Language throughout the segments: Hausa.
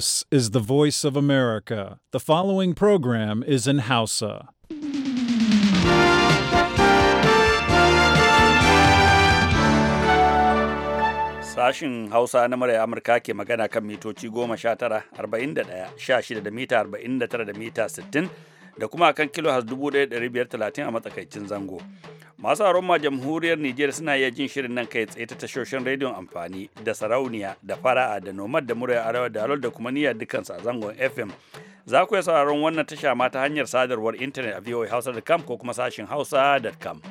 This is the voice of America. The following program is in Hausa. Sashin Hausa na murya Amurka ke magana kan mitoci goma sha tara, arba'in da ɗaya, sha shida da mita arba'in da tara da mita sittin da kuma kan kilo has dubu ɗaya ɗari a matsakaicin zango. masu ma jamhuriyar Nijar suna iya jin shirin nan kai tsaye ta tashoshin rediyon amfani da sarauniya da fara'a da nomad da murya arewa da alol da kuma niyyar dukansu a zangon FM. Za ku iya sauraron wannan tasha ma ta hanyar sadarwar intanet a hausa.com ko kuma sashin hausa.com.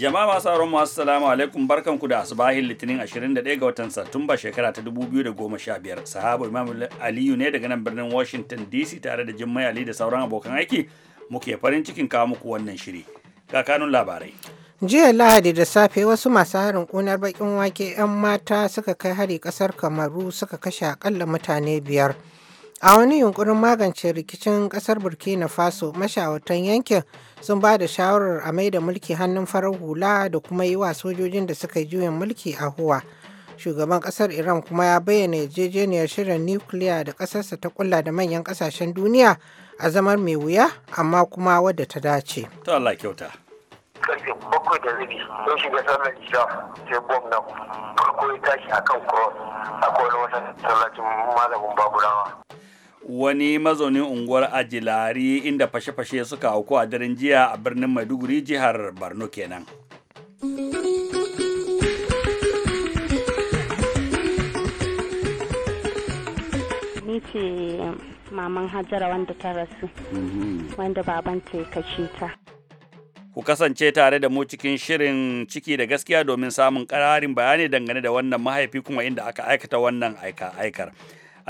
Jama'a masu sauran masu salamu alaikum barkan ku da asubahin litinin 21 ga watan Satumba shekara ta 2015. Sahabu Imam Aliyu ne daga nan birnin Washington DC tare da Jummai Ali da sauran abokan aiki muke farin cikin kawo muku wannan shiri. Kakanun labarai. Jiya Lahadi da safe wasu masu harin kunar bakin wake 'yan mata suka kai hari kasar Kamaru suka kashe akalla mutane biyar. A wani yunkurin magance rikicin kasar Burkina Faso, mashawartan yankin sun ba da shawarar a da mulki hannun farar hula da kuma yi wa sojojin da suka yi juyin mulki a huwa Shugaban kasar Iran kuma ya bayyana yarjejeniyar shirin nukiliya da kasarsa ta kulla da manyan kasashen duniya a zamar mai wuya amma kuma wadda ta dace. Ta Allah kyauta. karfe bakwai da rabi sun shiga isha sai bom farko ya tashi akan akwai wani masallacin malamin baburawa wani mazaunin unguwar ajilari inda fashe-fashe suka hauku a daren jiya a birnin maiduguri jihar borno kenan ni ce maman hajara wanda ta rasu mhm. wanda ya kashe ta ku kasance tare da mu cikin shirin ciki da gaskiya domin samun ƙararin bayani dangane da wannan mahaifi kuma inda aka aikata wannan aika-aikar. aika aikar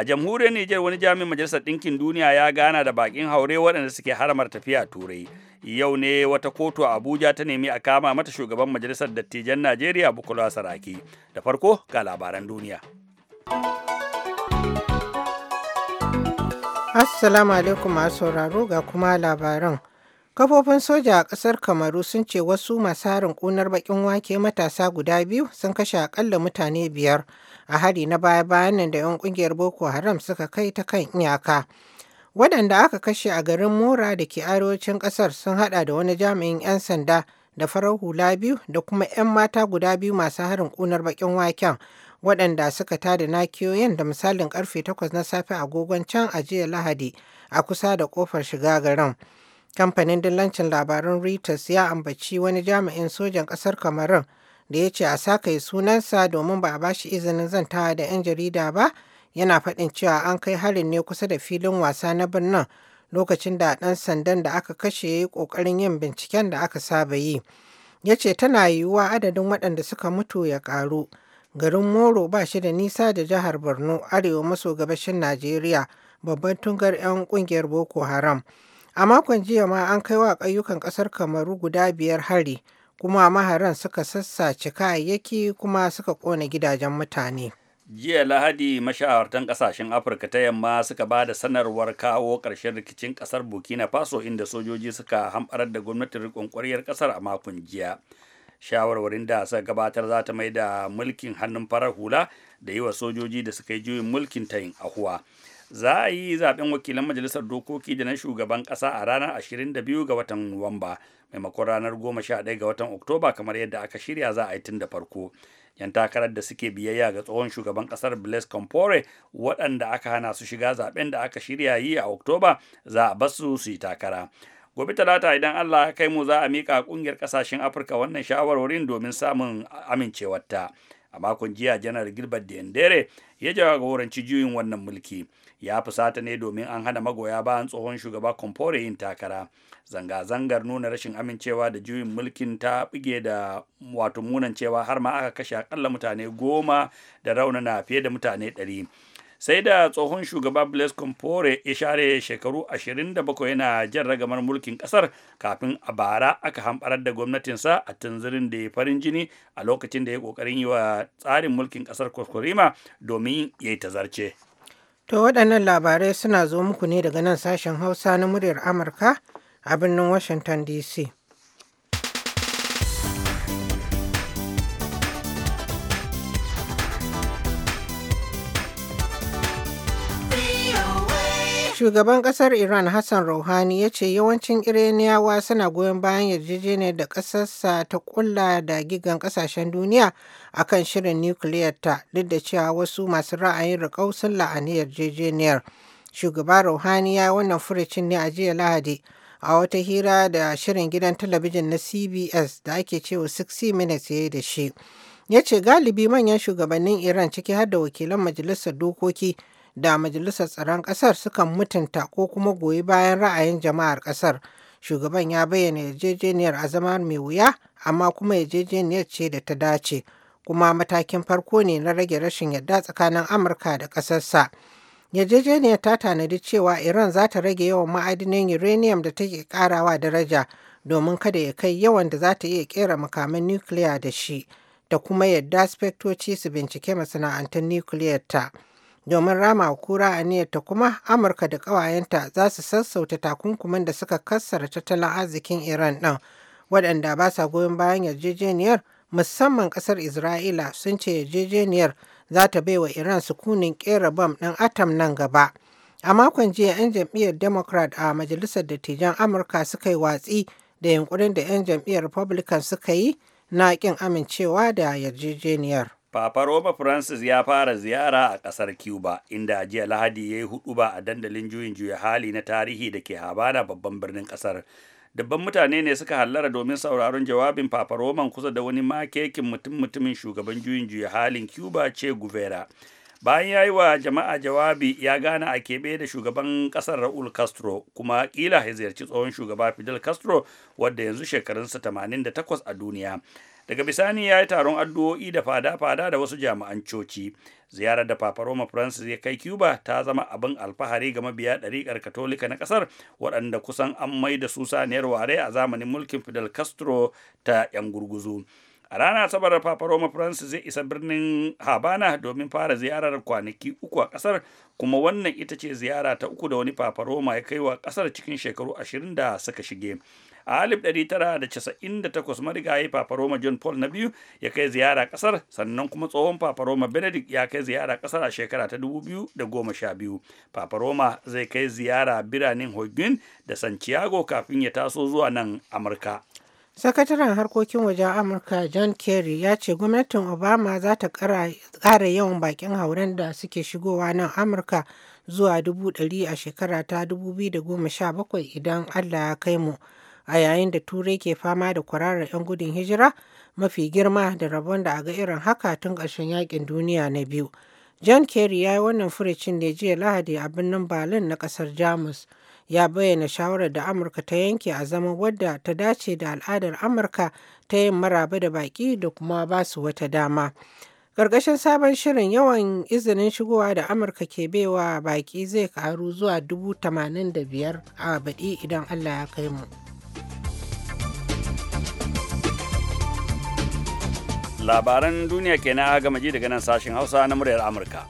A jamhuriyar Nijar wani jami'in Majalisar Ɗinkin Duniya ya gana da baƙin haure waɗanda suke haramar tafiya Turai. Yau ne wata kotu a Abuja ta nemi a kama mata shugaban Majalisar Dattijan Najeriya Bukola Saraki. Da farko ga labaran duniya. Assalamu alaikum masu sauraro ga kuma labaran. Kafofin soja a ƙasar Kamaru sun ce wasu masu harin ƙunar baƙin wake matasa guda biyu sun kashe aƙalla mutane biyar a hari na baya-bayan nan da 'yan ƙungiyar Boko Haram suka kai ta kan iyaka. Waɗanda aka kashe a garin Mora da ke arewacin ƙasar sun haɗa da wani jami'in 'yan sanda da farar hula biyu da kuma 'yan mata guda biyu masu harin ƙunar baƙin waken waɗanda suka tada nakiyoyin da misalin ƙarfe 8 na safe agogon can a jiya Lahadi a kusa da ƙofar shiga garin. Kamfanin dillancin labarun Reuters ya ambaci wani jami'in sojan ƙasar kamarun da ya ce a yi sunansa domin ba a bashi izinin zantawa da 'yan jarida ba yana faɗin cewa an kai harin ne kusa da filin wasa na birnin lokacin da ɗan sandan da aka kashe ya yi ƙoƙarin yin binciken da aka saba yi. Ya ce tana yiwuwa adadin waɗanda suka mutu ya ƙaru. Garin Moro ba shi da nisa da jihar Borno, arewa maso gabashin Najeriya, babban tungar 'yan ƙungiyar Boko Haram. A makon jiya ma an kai wa ƙauyukan ƙasar Kamaru guda biyar hari, kuma maharan suka sassace kayayyaki kuma suka ƙone gidajen mutane. jiya lahadi mashahartan ƙasashen afirka ta yamma suka ba da sanarwar kawo ƙarshen rikicin ƙasar burkina faso inda sojoji suka hamɓarar da gwamnatin rikon ƙwaryar ƙasar a makon jiya shawarwarin da suka gabatar za ta mai da mulkin hannun farar hula da yi wa sojoji da suka yi juyin mulkin yin ahuwa za a yi zaben wakilan majalisar dokoki da na shugaban ƙasa a ranar 22 ga watan nuwamba maimakon ranar 11 ga watan oktoba kamar yadda aka shirya za a yi tun da farko yan takarar da suke biyayya ga tsohon shugaban kasar blaise compore waɗanda aka hana su shiga zaben da aka shirya yi a oktoba za a basu su yi takara gobe talata idan allah ya kai mu za a miƙa ƙungiyar ƙasashen afirka wannan shawarwarin domin samun amincewarta a makon jiya janar gilbert diendere ya jagoranci juyin wannan mulki ya fusata ne domin an hana magoya bayan tsohon shugaba kompore yin takara. Zanga-zangar nuna rashin amincewa da juyin mulkin ta bige da wato munan cewa har ma aka kashe akalla mutane goma da raunana fiye da mutane ɗari. sai da tsohon shugaba Blaise Compaore ya share shekaru 27 yana jan ragamar mulkin kasar kafin a bara aka hamɓarar da gwamnatinsa a tunzirin da ya farin jini a lokacin da ya ƙoƙarin yi wa tsarin mulkin ƙasar kwaskwarima domin ya yi tazarce. To waɗannan labarai suna zo muku ne daga nan sashen Hausa na muryar Amurka a birnin Washington DC. Shugaban ƙasar Iran Hassan Rouhani ya ce yawancin Iraniyawa suna goyon bayan yarjejeniyar da ƙasarsa ta ƙulla da gigan ƙasashen duniya akan shirin nukiliyar ta, duk da cewa wasu masu ra'ayin rikau sun la'ani yarjejeniyar. Shugaba Rouhani ya wannan furucin ne a jiya Lahadi a wata hira da shirin gidan talabijin na CBS da ake cewa 60 Minutes ya yi da shi. Ya ce galibi manyan shugabannin Iran ciki har da wakilan majalisar dokoki da Majalisar Tsaron Ƙasar sukan mutunta ko kuma goyi bayan ra'ayin jama'ar ƙasar. Shugaban ya bayyana yarjejeniyar a zama mai wuya, amma kuma yarjejeniyar ce da ta dace, kuma matakin farko ne na rage rashin yadda tsakanin Amurka da ƙasarsa. Yarjejeniyar ta tanadi cewa Iran za ta rage yawan ma'adinin uranium da take ƙarawa daraja domin kada ya kai yawan da za ta iya kera makaman nukiliya da shi, da kuma yadda spektoci su bincike masana'antar nukiliyar ta. domin rama a kura a aniyarta kuma amurka da ƙawayenta za su sassauta takunkuman da suka kassara tattalin arzikin iran ɗin waɗanda ba sa goyon bayan yarjejeniyar musamman ƙasar isra'ila sun ce yarjejeniyar za ta baiwa iran sukunin kera bam ɗin atam nan gaba a makon jiya 'yan jam'iyyar democrat a majalisar dattijan amurka suka yi watsi da yunkurin da 'yan jam'iyyar republican suka yi na ƙin amincewa da yarjejeniyar Papa Roma Francis ya fara ziyara a ƙasar Cuba, inda jiya Lahadi ya yi hudu ba a dandalin juyin juya hali na tarihi da ke Habana babban birnin ƙasar. Dabban mutane ne suka hallara domin sauraron jawabin Papa Roman kusa da wani makekin mutum-mutumin shugaban juyin juya halin Cuba ce Guvera. Bayan ya yi wa jama'a jawabi ya gana a keɓe da shugaban ƙasar Raul Castro kuma ƙila ya ziyarci tsohon shugaba Fidel Castro wadda yanzu shekarunsa 88 a duniya. daga bisani ya yi taron addu'o'i da fada-fada da wasu jami'an coci ziyarar da papa roma francis ya kai cuba ta zama abin alfahari ga mabiya ɗariƙar katolika na ƙasar waɗanda kusan an mai da su saniyar ware a zamanin mulkin fidel castro ta 'yan gurguzu a rana asabar papa roma francis zai isa birnin habana domin fara ziyarar kwanaki uku a ƙasar kuma wannan ita ce ziyara ta uku da wani papa roma ya kai wa ƙasar cikin shekaru ashirin da suka shige a 1998 marigayi paparoma john paul na biyu ya kai ziyara kasar sannan kuma tsohon paparoma benedict ya kai ziyara kasar a shekara ta 2012 paparoma zai kai ziyara biranen hoggin da santiago kafin ya taso zuwa nan amurka sakataren harkokin wajen amurka john kerry ya ce gwamnatin obama za ta ƙara yawan bakin hauren da suke shigowa nan amurka zuwa 100,000 a shekara ta 2017 idan allah ya kai mu a yayin da turai ke fama da kwararar 'yan gudun hijira mafi girma da rabon da a ga irin haka tun ƙarshen yakin duniya na biyu john kerry ya yi wannan furicin da jiya lahadi a birnin berlin na ƙasar jamus ya bayyana shawarar da amurka ta yanke a zaman wadda ta dace da al'adar amurka ta yin maraba da baƙi da kuma ba su wata dama Ƙarƙashin sabon shirin yawan izinin shigowa da Amurka ke baiwa baƙi zai ƙaru zuwa dubu tamanin a baɗi idan Allah ya kai mu. labaran duniya ke a gama ji daga nan sashen hausa na muryar amurka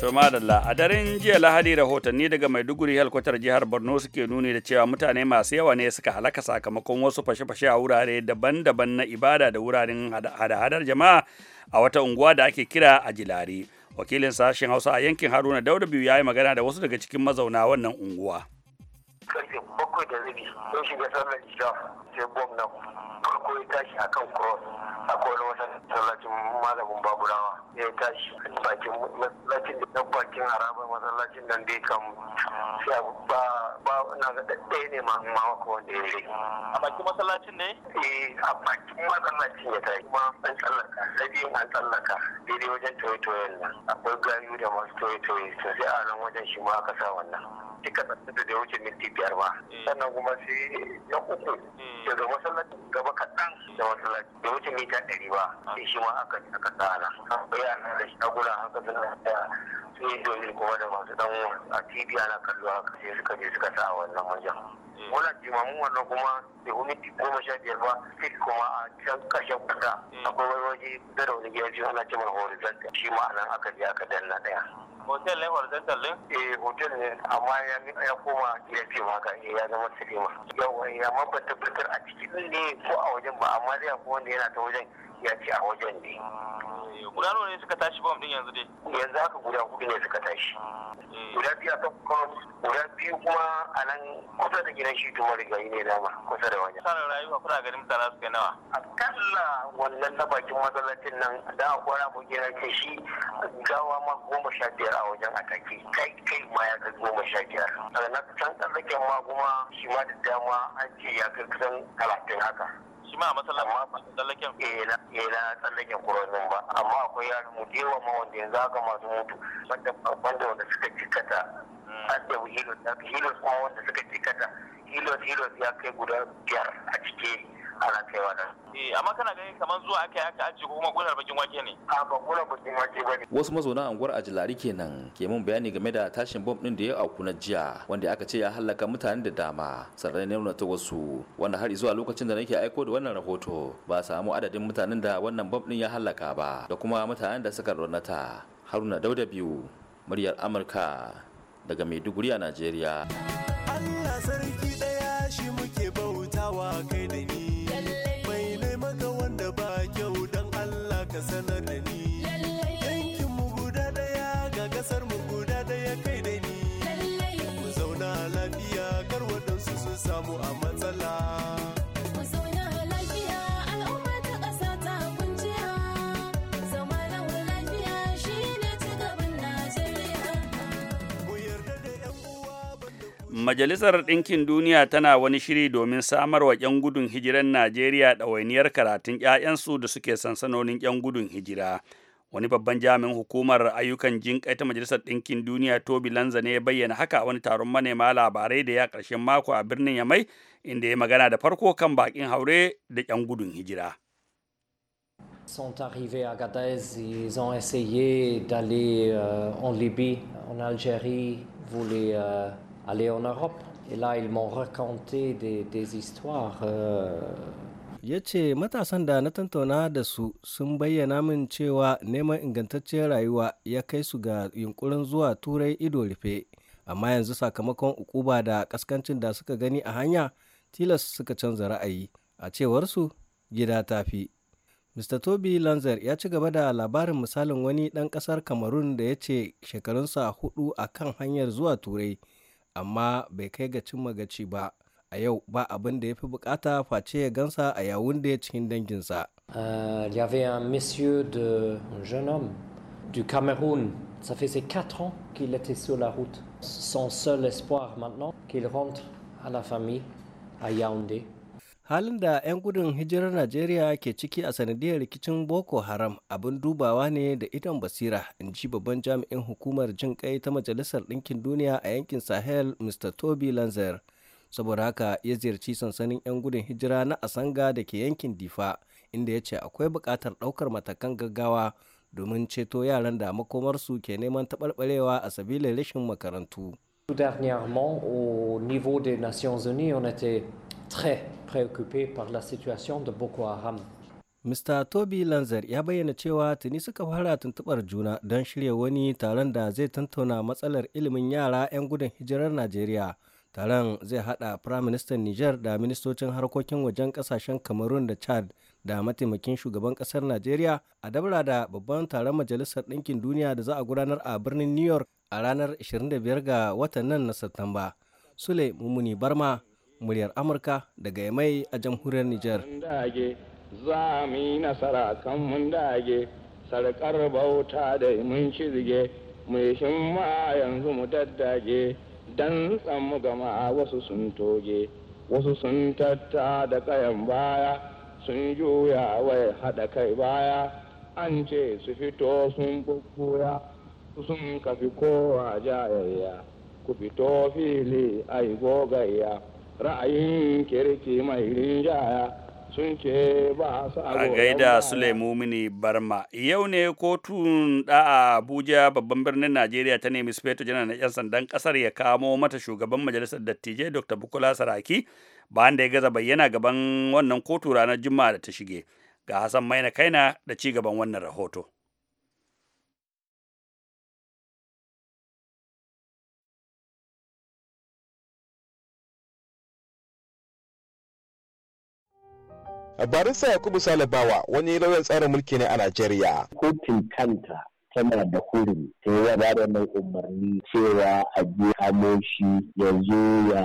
To madalla a daren jiya lahadi rahotanni daga Maiduguri halkwatar jihar Borno suke nuni da cewa mutane masu yawa ne suka halaka sakamakon wasu fashe-fashe a wurare daban-daban na ibada da wuraren hada-hadar jama'a a wata unguwa da ake kira a Jilari. wakilin sashen hausa a yankin haruna dauda biyu ya yi magana da wasu daga cikin mazauna wannan unguwa karfe bakwai da rabi sun shiga sallar isha sai bom na farko ya tashi akan cross a kowane wata masallacin malamin baburawa ya tashi bakin masallacin da na bakin harabar masallacin nan da ya kamu sai ba ba na ga ɗaya ne ma ma ko wanda ya yi a bakin masallacin ne eh a bakin masallacin ya tashi kuma an tsallaka sai an tsallaka daidai wajen toye-toyen nan akwai gari da masu toye-toye sosai a nan wajen shi ma aka sa wannan duka da da wuce minti biyar ba mm. sannan kuma sai na uku daga mm. masallaci gaba kaɗan da masallaci da wuce mita ɗari ba ah. sai shi ma aka aka tsara na da shaguna haka suna da sun yi domin kuma da masu dan a tv ana kallo haka sai suka je suka sa wannan wajen mm. Wannan jimamin wannan kuma da minti goma sha biyar ba fit kuma a can kashen kuta akwai wani waje da rauni biyar biyu ana cimar horizontal shi ma'anar aka je aka danna ɗaya hotel ne horizontal ne. eh hotel ne amma ya koma gefe ma ga eh, ya zama sinima yawa eh, amma ba tabbatar a cikin ne ko a wajen ba amma dai akwai wanda yana ta wajen ya ce a wajen ne. Eh, guda nawa ne suka tashi bom din yanzu dai yanzu haka guda hudu ne suka tashi eh. guda biyu a kan guda biyu kuma a nan kusa da gidan shi tumar gari ne dama kusa da wani. sarar rayuwa kuna ganin mutane su kai nawa A kalla wannan na bakin masallacin nan da a kwara mu gina ce shi gawa ma goma sha biyar a wajen atake kai kai ma ya kai goma sha biyar daga na can tsallaken ma kuma shi ma da dama an ce ya kai kusan talatin haka shi ma a masallacin tsallaken eh na eh, tsallaken kurozin ba amma akwai yaran mu da yawa ma wanda yanzu haka masu mutu wanda wanda wanda suka cikata hmm. an da hilos hilos kuma wanda suka cikata hilos hilos ya kai guda biyar a cike ana kaiwa nan. Eh, amma kana ganin kamar zuwa aka yi aka ko kuma gular bakin wake ne? A ba gular bakin ba ne. Wasu mazauna anguwar Ajilari kenan ke mun bayani game da tashin bom din da ya auku na jiya wanda aka ce ya halaka mutane da dama sannan ne nuna ta wasu wanda har zuwa lokacin da nake aiko da wannan rahoto ba a samu adadin mutanen da wannan bom din ya halaka ba da kuma mutanen da suka raunata. Haruna Dauda biyu muryar Amurka daga Maiduguri a Najeriya. Allah sarki ɗaya shi muke bautawa kai da ni. Majalisar Ɗinkin Duniya tana wani shiri domin samar wa 'yan gudun hijiran Najeriya ɗawainiyar karatun 'ya'yansu da suke sansanonin 'yan gudun hijira. Wani babban jami'in hukumar ayyukan jinƙai ta Majalisar Ɗinkin Duniya tobi Lanza ne ya bayyana haka a wani taron manema labarai da ya ƙarshen mako a birnin Yamai inda ya magana da farko kan baƙin haure da 'yan gudun hijira. sont arrivés à Gadez, ils ont essayé d'aller euh, en Libye, en Algérie, voulaient euh, aller en Europe. Et là, ils m'ont raconté des, des histoires. Euh... ya ce matasan da na tantauna da su sun bayyana min cewa neman ingantacciyar rayuwa ya kai su ga yunkurin zuwa turai ido rufe amma yanzu sakamakon ukuba da kaskancin da suka gani a hanya tilas suka canza ra'ayi a cewarsu gida tafi mr Tobi lanzer ya ci gaba da labarin misalin wani ɗan ƙasar Kamarun da ya ce shekarunsa hudu a kan hanyar zuwa turai Il y avait un monsieur de un jeune homme du Cameroun. Ça faisait 4 ans qu'il était sur la route. Son seul espoir maintenant, qu'il rentre à la famille à Yaoundé. halin da 'yan gudun hijirar najeriya ke ciki a sanadiyar rikicin boko haram abin dubawa ne da idon basira in ji babban jami'in hukumar jin kai ta majalisar ɗinkin duniya a yankin sahel mr toby lanzer saboda haka ya ziyarci sansanin 'yan gudun hijira na asanga da ke yankin difa inda ya ce akwai buƙatar ɗaukar matakan gaggawa domin ceto yaran da makomarsu ke neman taɓarɓarewa a sabilin rashin makarantu. Tout dernièrement, au niveau des Nations Unies, on était très préoccupé par la situation de Boko Haram. Mr. Toby Lanzer ya bayyana cewa tuni suka fara tuntubar juna don shirya wani taron da zai tantauna matsalar ilimin yara 'yan gudun hijirar Najeriya. Taron zai hada Prime Minister Niger da ministocin harkokin wajen kasashen Cameroon da Chad da mataimakin shugaban kasar Najeriya a dabara da babban taron Majalisar Ɗinkin Duniya da za a gudanar a birnin New York a ranar 25 ga watan nan na Satumba. Sule Mumuni Barma, muryar Amurka daga Yamai a jamhuriyar Nijar. Za mu yi nasara kan mun dage, sarkar bauta da mun shirge, mu yi shimma yanzu mu daddage, dan tsammu gama wasu sun toge, wasu sun tatta da kayan baya, sun juya wai haɗa kai baya, an ce su fito sun bubbuya, sun kafi kowa jayayya, ku fito fili ai gogayya. ra'ayin kirki mai rinjaya sun ce ba su a gaida Sulaimu mini barma yau ne kotun da abuja babban birnin najeriya ta nemi sufeto janar na yan sandan kasar ya kamo mata shugaban majalisar dattijai dr bukola saraki bayan da ya gaza bayyana gaban wannan kotu ranar juma'a da ta shige ga hassan maina kaina da ci gaban wannan rahoto barista yakubu salabawa wani lauyan tsarin mulki ne a najeriya kotun kanta tana da hurumi ta yi ba da mai umarni cewa a je amoshi shi yanzu ya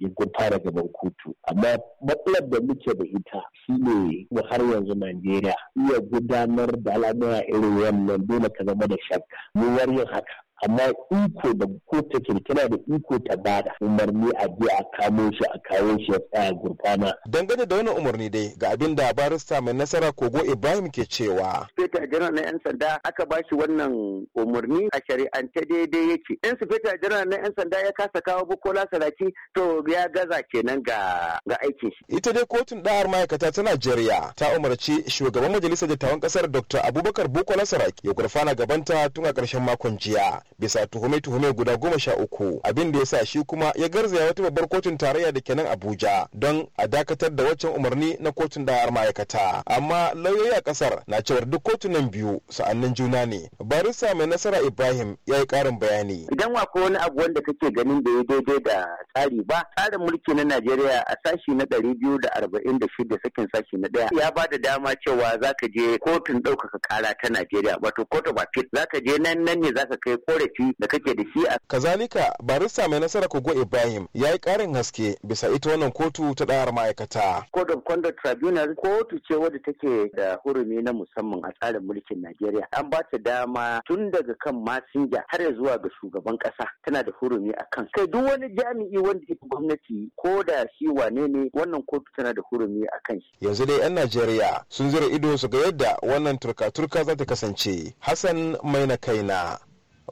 ya da gaban kotu amma matsalar da muke da ita shine har yanzu Najeriya iya gudanar da al'amura irin wannan dole ka zama da shakka mu yin haka amma iko da kotu kirkira da iko ta bada umarni a je a kamo shi a kawo shi ya tsaya gurfana dangane da wannan umarni dai ga abin da barista mai nasara kogo ibrahim ke cewa sufeta janar na yan sanda aka ba shi wannan umarni a shari'ance daidai yake in sufeta janar na yan sanda ya kasa kawo bukola saraki to ya gaza kenan ga ga aikin shi ita dai kotun ɗa'ar ma'aikata ta najeriya ta umarci shugaban majalisar dattawan kasar dr abubakar bukola saraki ya gurfana gabanta tun a ƙarshen makon jiya bisa tuhume-tuhume guda goma sha uku abin da ya sa shi kuma ya garzaya wata babbar kotun tarayya da kenan abuja don a dakatar da waccan umarni na kotun da'ar ma'aikata amma lauyoyi a kasar na cewar duk kotunan biyu sa'annin juna ne barista mai nasara ibrahim ya yi karin bayani idan wa ko wani abu wanda kake ganin da ya daidai da tsari ba tsarin mulki na najeriya a sashi na ɗari biyu da arba'in da shida sakin sashi na ɗaya ya ba da dama cewa za ka je kotun ɗaukaka kara ta najeriya wato kotu bakit ka je nan nan ne za ka kai korafi da kake da shi a kazalika barista mai nasara kogo ibrahim ya yi karin haske bisa ita wannan kotu ta ɗayar ma'aikata code of conduct tribunal kotu ce wadda take da hurumi na musamman a tsarin mulkin najeriya an ba ta dama tun daga kan masinja har ya zuwa ga shugaban ƙasa tana da hurumi a kan kai duk wani jami'i wanda ya gwamnati ko da shi wane ne wannan kotu tana da hurumi a kan shi yanzu dai 'yan najeriya sun zira ido su ga yadda wannan turka-turka za ta kasance hassan mai na kaina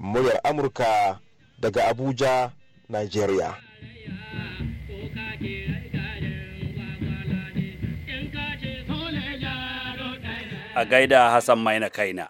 muryar amurka daga abuja nigeria a gaida hassan maina kaina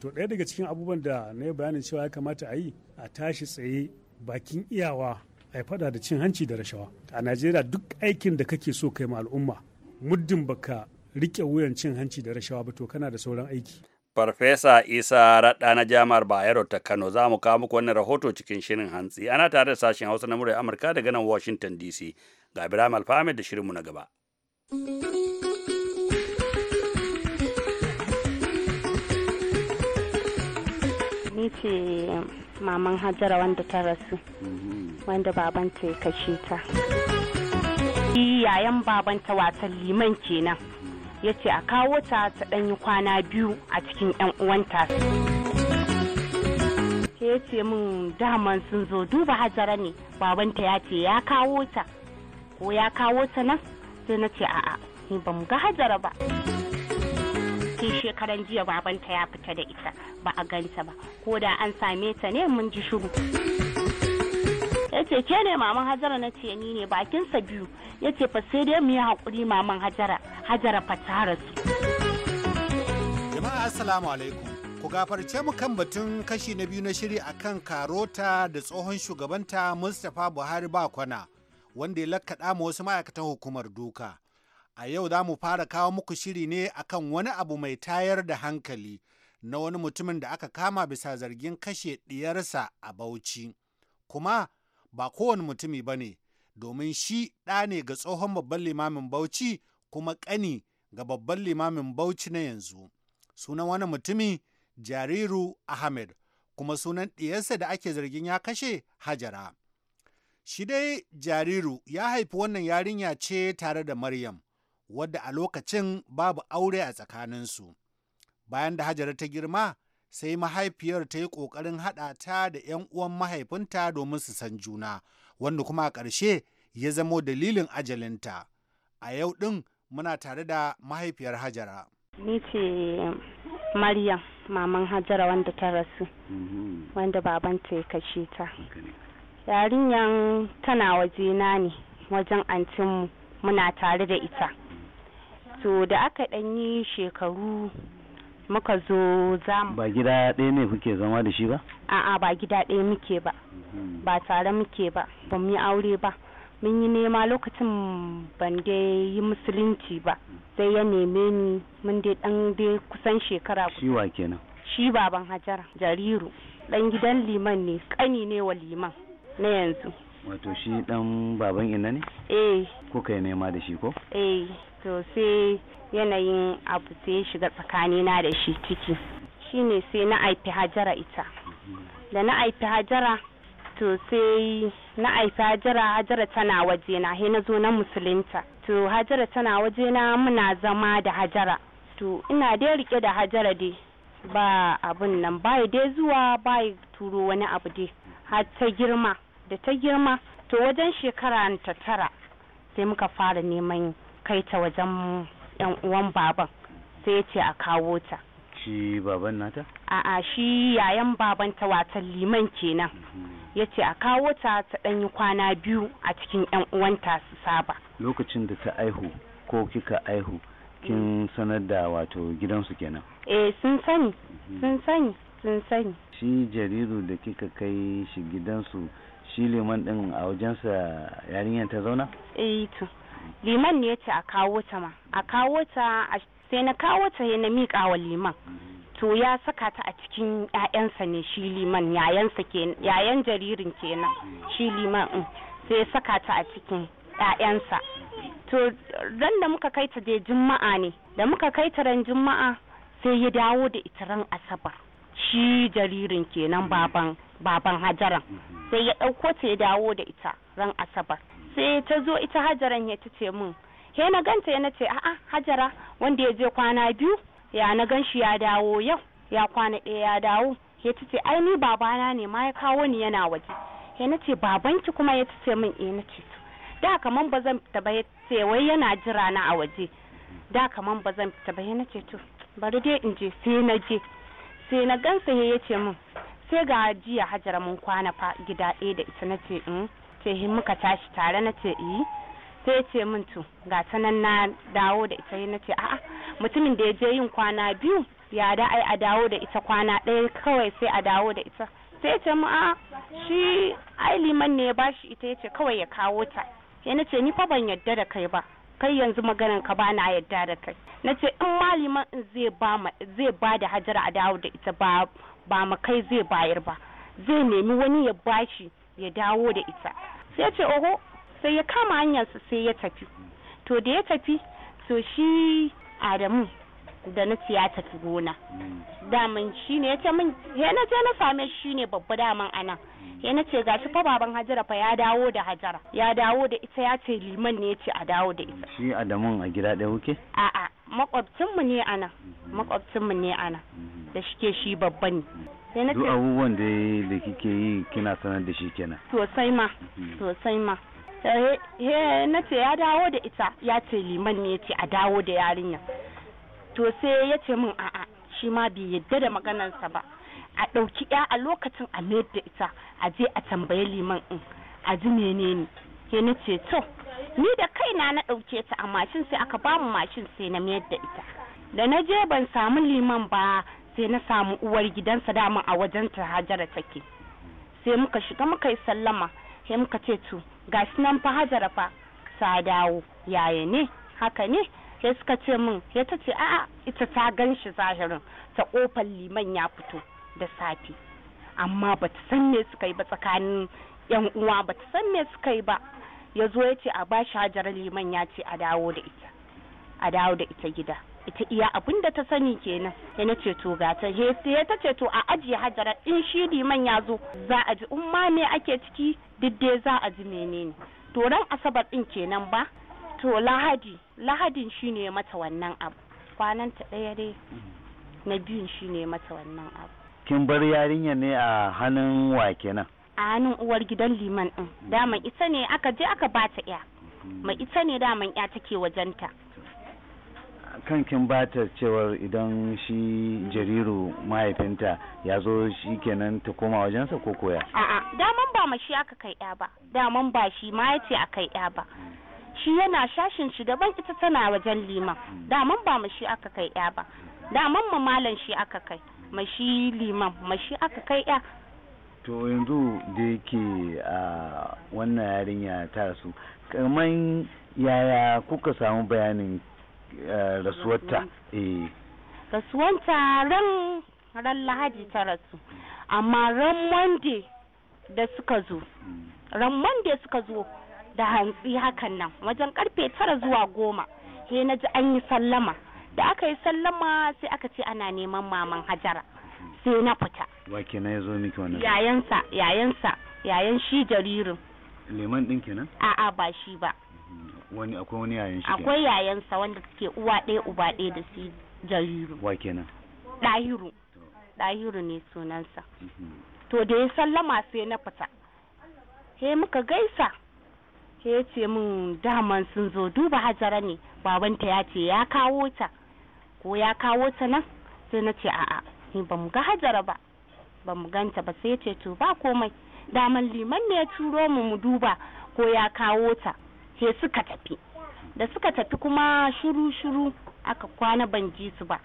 to ɗaya daga cikin abubuwan da na yi bayanin cewa ya kamata a yi a tashi tsaye bakin iyawa a yi fada da cin hanci da rashawa a najeriya duk aikin da kake so kai ma al'umma muddin baka rike wuyan cin hanci da rashawa ba to kana da sauran aiki Farfesa Isa Raɗa na Jami'ar Bayero ta Kano za mu kawo muku wannan rahoto cikin shirin hantsi. Ana tare da sashen Hausa na murya Amurka daga nan Washington DC. Ga Ibrahim Alfahamid da shirinmu na gaba. Ni ce maman Hajara wanda ta rasu, mhm. wanda babanta ya kashe ta. Yayan babanta wata liman kenan. ya ce a kawo ta ta ɗanyi kwana biyu a cikin 'yan uwanta. ya ce min daman sun zo duba hajara ne babanta ya ce ya kawo ta ko ya kawo ta nan sai na ce a'a ni ba mu ga hajara ba ke shekaran jiya babanta ya fita da ita ba a ganta ba ko da an same ta ne mun ji shuru. yace ke ne maman hajara na ce ni ne bakinsa biyu yace fa sai dai mu yi hakuri maman hajara hajara fa ta rasu jama'a assalamu alaikum ku gafarce mu kan batun kashi na biyu na shiri akan karota da tsohon shugabanta mustapha buhari bakwana wanda ya lakkaɗa ma wasu ma'aikatan hukumar duka a yau za mu fara kawo muku shiri ne akan wani abu mai tayar da hankali na wani mutumin da aka kama bisa zargin kashe ɗiyarsa a Bauchi. Kuma ba kowane mutumi ba ne, domin shi ɗa ne ga tsohon babban limamin Bauchi kuma ƙani ga babban limamin Bauchi na yanzu. Sunan wani mutumi Jariru Ahmed, kuma sunan ɗiyarsa da ake zargin ya kashe Hajara. Shi dai Jariru ya haifi wannan yarinya ce tare da Maryam, wadda a lokacin babu aure a tsakaninsu. Bayan da Hajara ta girma, sai mahaifiyar ta yi ƙoƙarin haɗa ta da 'yan uwan mahaifinta domin su san juna, wanda kuma a ƙarshe ya zamo dalilin ajalinta. A yau ɗin muna tare da mahaifiyar Hajara. Ni ce Maryam, maman Hajara wanda ta rasu, mhm. wanda babanta ya kashe ta. Yarinyan tana waje na ne, wajen antinmu muna tare da ita. Mm. To da aka ɗanyi shekaru muka zo za mu ba gida ɗaya ne kuke zama da shi ba a'a ba gida ɗaya muke ba mhm. ba tare muke ba ba mu yi aure ba mun yi nema lokacin ban dai yi musulunci ba sai ya neme ni mun dai dan dai kusan shekara shi wa kenan shi baban hajara jariru ɗan gidan liman ne kani ne wa liman na yanzu wato shi dan baban ina ne eh kuka yi nema da shi ko eh to sai yanayin abu sai ya shiga tsakanina da shi ciki shine sai na aifi hajara ita da na aifi hajara to sai na aifi hajara hajara tana wajena he na zo na musulunta to hajara tana waje na muna zama da hajara to ina dai rike da hajara dai ba abun nan bai dai zuwa bai turo wani abu dai har ta girma da ta girma to wajen shekara ta tara sai muka fara neman kai ta wajen yan uwan baban sai ya ce a kawo ta shi baban nata a'a shi yayan baban ta wata liman kenan mhm. ya ce a kawo ta ta ɗan yi kwana biyu a cikin yan uwanta su saba lokacin da ta aihu ko kika aihu kin mm. sanar da wato gidansu kenan eh sun sani mhm. sun sani sun sani shi jariru da kika kai shi gidansu shi liman din a wajensa yarinyar ta zauna eh to liman ne ya ce a kawo ta ma a kawo ta sai na kawo ta na miƙa wa liman to ya saka ta a cikin ƴaƴansa ne shi liman yayansa ke yayan jaririn kenan shi liman din sai ya saka ta a cikin ƴaƴansa to ran da muka kai ta je juma'a ne da muka kai ta ran juma'a sai ya dawo da ita ran asabar shi jaririn kenan baban baban hajaran sai ya ɗauko ta ya dawo da ita ran asabar sai ta zo ita hajaran ya ce min ke na ganta ya ce a'a hajara wanda ya je kwana biyu ya na gan shi ya dawo yau ya kwana ɗaya ya dawo ya ce ai ni babana ne ma ya kawo ni yana waje ke na ce babanki kuma ya ce min eh na ce da kaman ba zan fita ba ya ce wai yana jira na a waje da kaman ba zan fita ba ya na ce to bari dai in je sai na je sai na gan sa ya ce min sai ga jiya hajara mun kwana fa gida ɗaya da ita na ce mm. ce muka tashi tare na ce yi eh. sai ce min to ga nan na dawo da ita na ce a'a mutumin da ya je yin kwana biyu ya da ai a dawo da ita kwana ɗaya kawai sai a dawo da ita sai ce mu a shi ai liman ne ya bashi ita ya ce kawai ya kawo ta ya na ce ni fa ban yadda da kai ba kai yanzu maganin ka ba na yadda da kai na ce in liman zai ba zai ba da hajara a dawo da ita ba ba ma kai zai bayar ba zai nemi wani ya bashi ya dawo da ita sai ya ce oho sai ya kama hanyarsa sai ya tafi to da ya tafi to shi adamu da na ya tafi gona damin shi ne ya ce min ya na je na same shi ne babba daman anan ya na ce gashi fa baban hajara fa ya dawo da hajara ya dawo da ita ya ce liman ne ya ce a dawo da ita shi adamun a gida ɗaya kuke a'a makwabcinmu ne nan makwabcinmu ne nan da shike shi babba ne sai na duk abubuwan da da kike yi kina sanar da shi kenan sosai ma mhm. sosai ma he eh, eh, na ce ya dawo da ita ya ce liman ne ya ce a dawo da yarinya to sai ya ce min a'a shi ma bai yadda da maganarsa ba a ɗauki ya a lokacin a mayar da ita a je a tambayi liman in a ji menene he na ce to ni da kaina na ɗauke ta a mashin sai aka bamu mashin sai na mayar da ita da na je ban samu liman ba sai na samu uwar gidansa dama a wajen ta hajara take sai muka shiga muka yi sallama sai muka ce to gashi nan fa hajara fa sa dawo yaya ne haka ne sai suka ce min ya ta ce a'a ita ta gan shi zahirin ta kofar liman ya fito da safe amma ba ta san me suka yi ba tsakanin yan uwa ba ta san me suka yi ba ya zo ya ce a bashi hajara liman ya ce a dawo da ita a dawo da ita gida ita iya abin da ta sani kenan ya na ceto ga ta je sai ta ceto a ajiye hajara in shi man ya zo za a ji umma ne ake ciki duk za a ji menene to ran asabar din kenan ba to lahadi lahadin shine mata wannan abu kwanan ta daya dai na biyun shine mata wannan abu kin bar yarinya ne a hannun wa kenan a hannun uwar gidan liman din daman ita ne aka je aka bata ya mai ita ne daman ya take wajenta kan kin bata cewar idan shi jariru mahaifinta ya zo shi kenan ta koma wajensa ko koya a'a daman ba mu shi aka kai ya ba daman ba shi ma ya ce aka kai ya ba shi yana shashin shi daban ita tana wajen liman daman ba mu shi aka kai ya ba daman ma malam shi aka kai ma shi liman ma shi aka kai ya to yanzu da yake a wannan yarinya ta su kamar yaya kuka samu bayanin Eh, rasuwarta eh. rasuwanta ran ran lahadi ta rasu amma ran monday da suka zo hmm. ran monday suka zo da hantsi hakan nan wajen karfe tara zuwa goma he na ji an yi sallama da aka yi sallama sai aka ce ana neman maman hajara sai na fita wa kenan ya zo miki wannan yayansa yayansa yayan shi jaririn liman din kenan a'a ba shi ba wani akwai wani yayan shi akwai yayansa wanda suke uwa ɗaya uba ɗaya da su jariru wa kenan ɗahiru dahiru ne sunansa mhm. to da ya sallama sai na fita he muka gaisa he ya ce min daman sun zo duba hajara ne babanta ya ce ya kawo ta ko ya kawo ta nan sai na ce a'a ni ba mu ga hajara ba ba mu ganta ba sai ya ce to ba komai daman liman ne ya turo mu mu duba ko ya kawo ta sai suka tafi da suka tafi kuma shuru shuru aka kwana ban ji su ba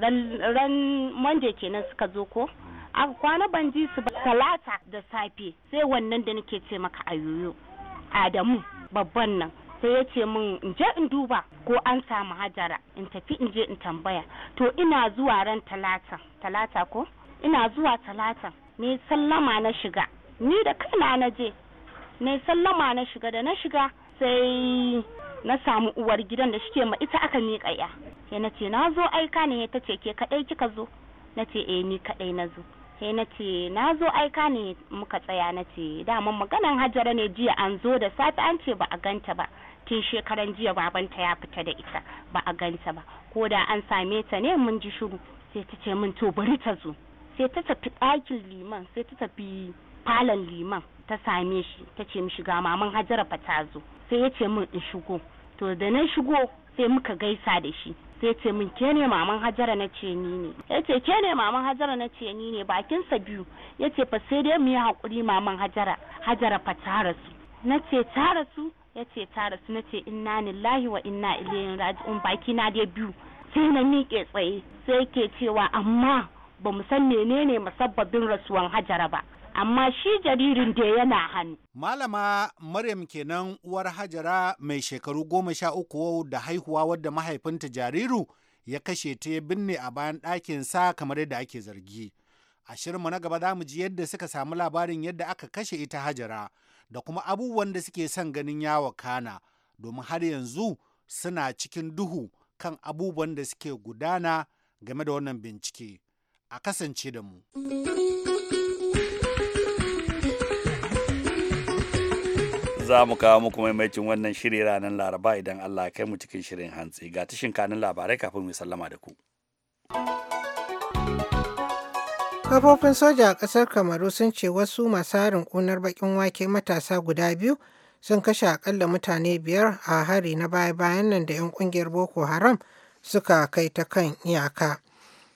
ran manje kenan suka zo ko aka kwana ban ji su ba talata da safe sai wannan da nake ce maka ayoyo adamu babban nan sai ya ce min in je in duba ko an samu hajara in tafi in je in tambaya to ina zuwa ran talata talata ko ina zuwa talata ne sallama na shiga ni da kaina na je ne sallama na shiga da na shiga sai na samu uwar gidan da shike ma ita aka miƙa ya sai na ce na zo aika ne ta ce ke kaɗai kika zo na ce eh ni kaɗai na zo sai na ce na zo aika ne muka tsaya na ce daman maganan hajara ne jiya an zo da safe an ce ba a ganta ba tun shekaran jiya babanta ya fita da ita ba a ganta ba ko da an same ta ne mun ji shiru sai ta ce min to bari ta zo sai ta tafi ɗakin liman sai ta tafi falon liman ta same shi ta ce mishi ga maman hajara fa ta zo sai ya ce min in shigo to da na shigo sai muka gaisa da shi sai ce min ke ne maman hajara na ce ni ne ya ce ke ne maman hajara na ce ni ne bakin sa biyu ya ce fa sai dai mu yi hakuri maman hajara hajara fa ta rasu na ce ta rasu ya ce ta rasu na ce inna lillahi wa inna ilaihi raji'un baki na dai biyu sai na miƙe tsaye sai ke cewa amma ba mu san menene musabbabin rasuwan hajara ba amma shi jaririn da yana hannu. Malama Maryam kenan uwar Hajara mai shekaru goma sha uku da haihuwa wadda mahaifinta jariru ya kashe ta ya binne a bayan ɗakin sa kamar yadda ake zargi. A shirinmu na gaba za mu ji yadda suka samu labarin yadda aka kashe ita Hajara da kuma abubuwan da suke son ganin yawa kana domin har yanzu suna cikin duhu kan abubuwan da suke gudana game da wannan bincike. A kasance da mu. za mu kawo muku maimacin wannan shiri ranar laraba idan allah kai mu cikin shirin hantsi ga ta kanin labarai kafin mu sallama da ku kafofin soja a ƙasar kamaru sun ce wasu masu harin ƙunar baƙin wake matasa guda biyu sun kashe aƙalla mutane biyar a hari na baya-bayan nan da 'yan ƙungiyar boko haram suka kai ta kan iyaka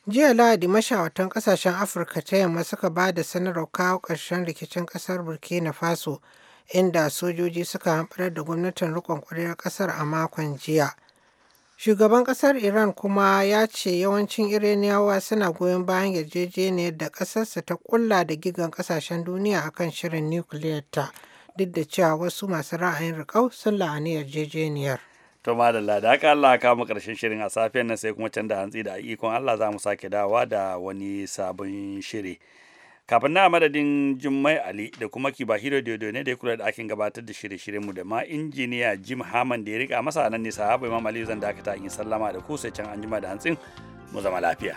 jiya lahadi mashawatan ƙasashen afirka ta yamma suka ba da sanarwar kawo ƙarshen rikicin ƙasar burkina faso inda sojoji suka hamfara da gwamnatin rikon ƙwaryar ƙasar a makon jiya. Shugaban ƙasar Iran kuma ya ce yawancin Iraniyawa suna goyon bayan yarjejeniyar da ƙasarsa ta ƙulla da gigan ƙasashen duniya akan shirin nukiliyar duk da cewa wasu masu ra'ayin rikau sun la'ani yarjejeniyar. To ma da haka Allah ka mu karshen shirin a safiyar nan sai kuma can da hantsi da ikon Allah za mu sake dawa da wani sabon shiri. kafin na madadin jummai ali da kuma kibahiro diodo ne da ya kula da akin gabatar da shirye shiryen mu da ma injiniya jim haman da ya rika masa nan nisa sahaba imam ali zan dakata yi sallama da ku sai can anjima da hantsin mu zama lafiya.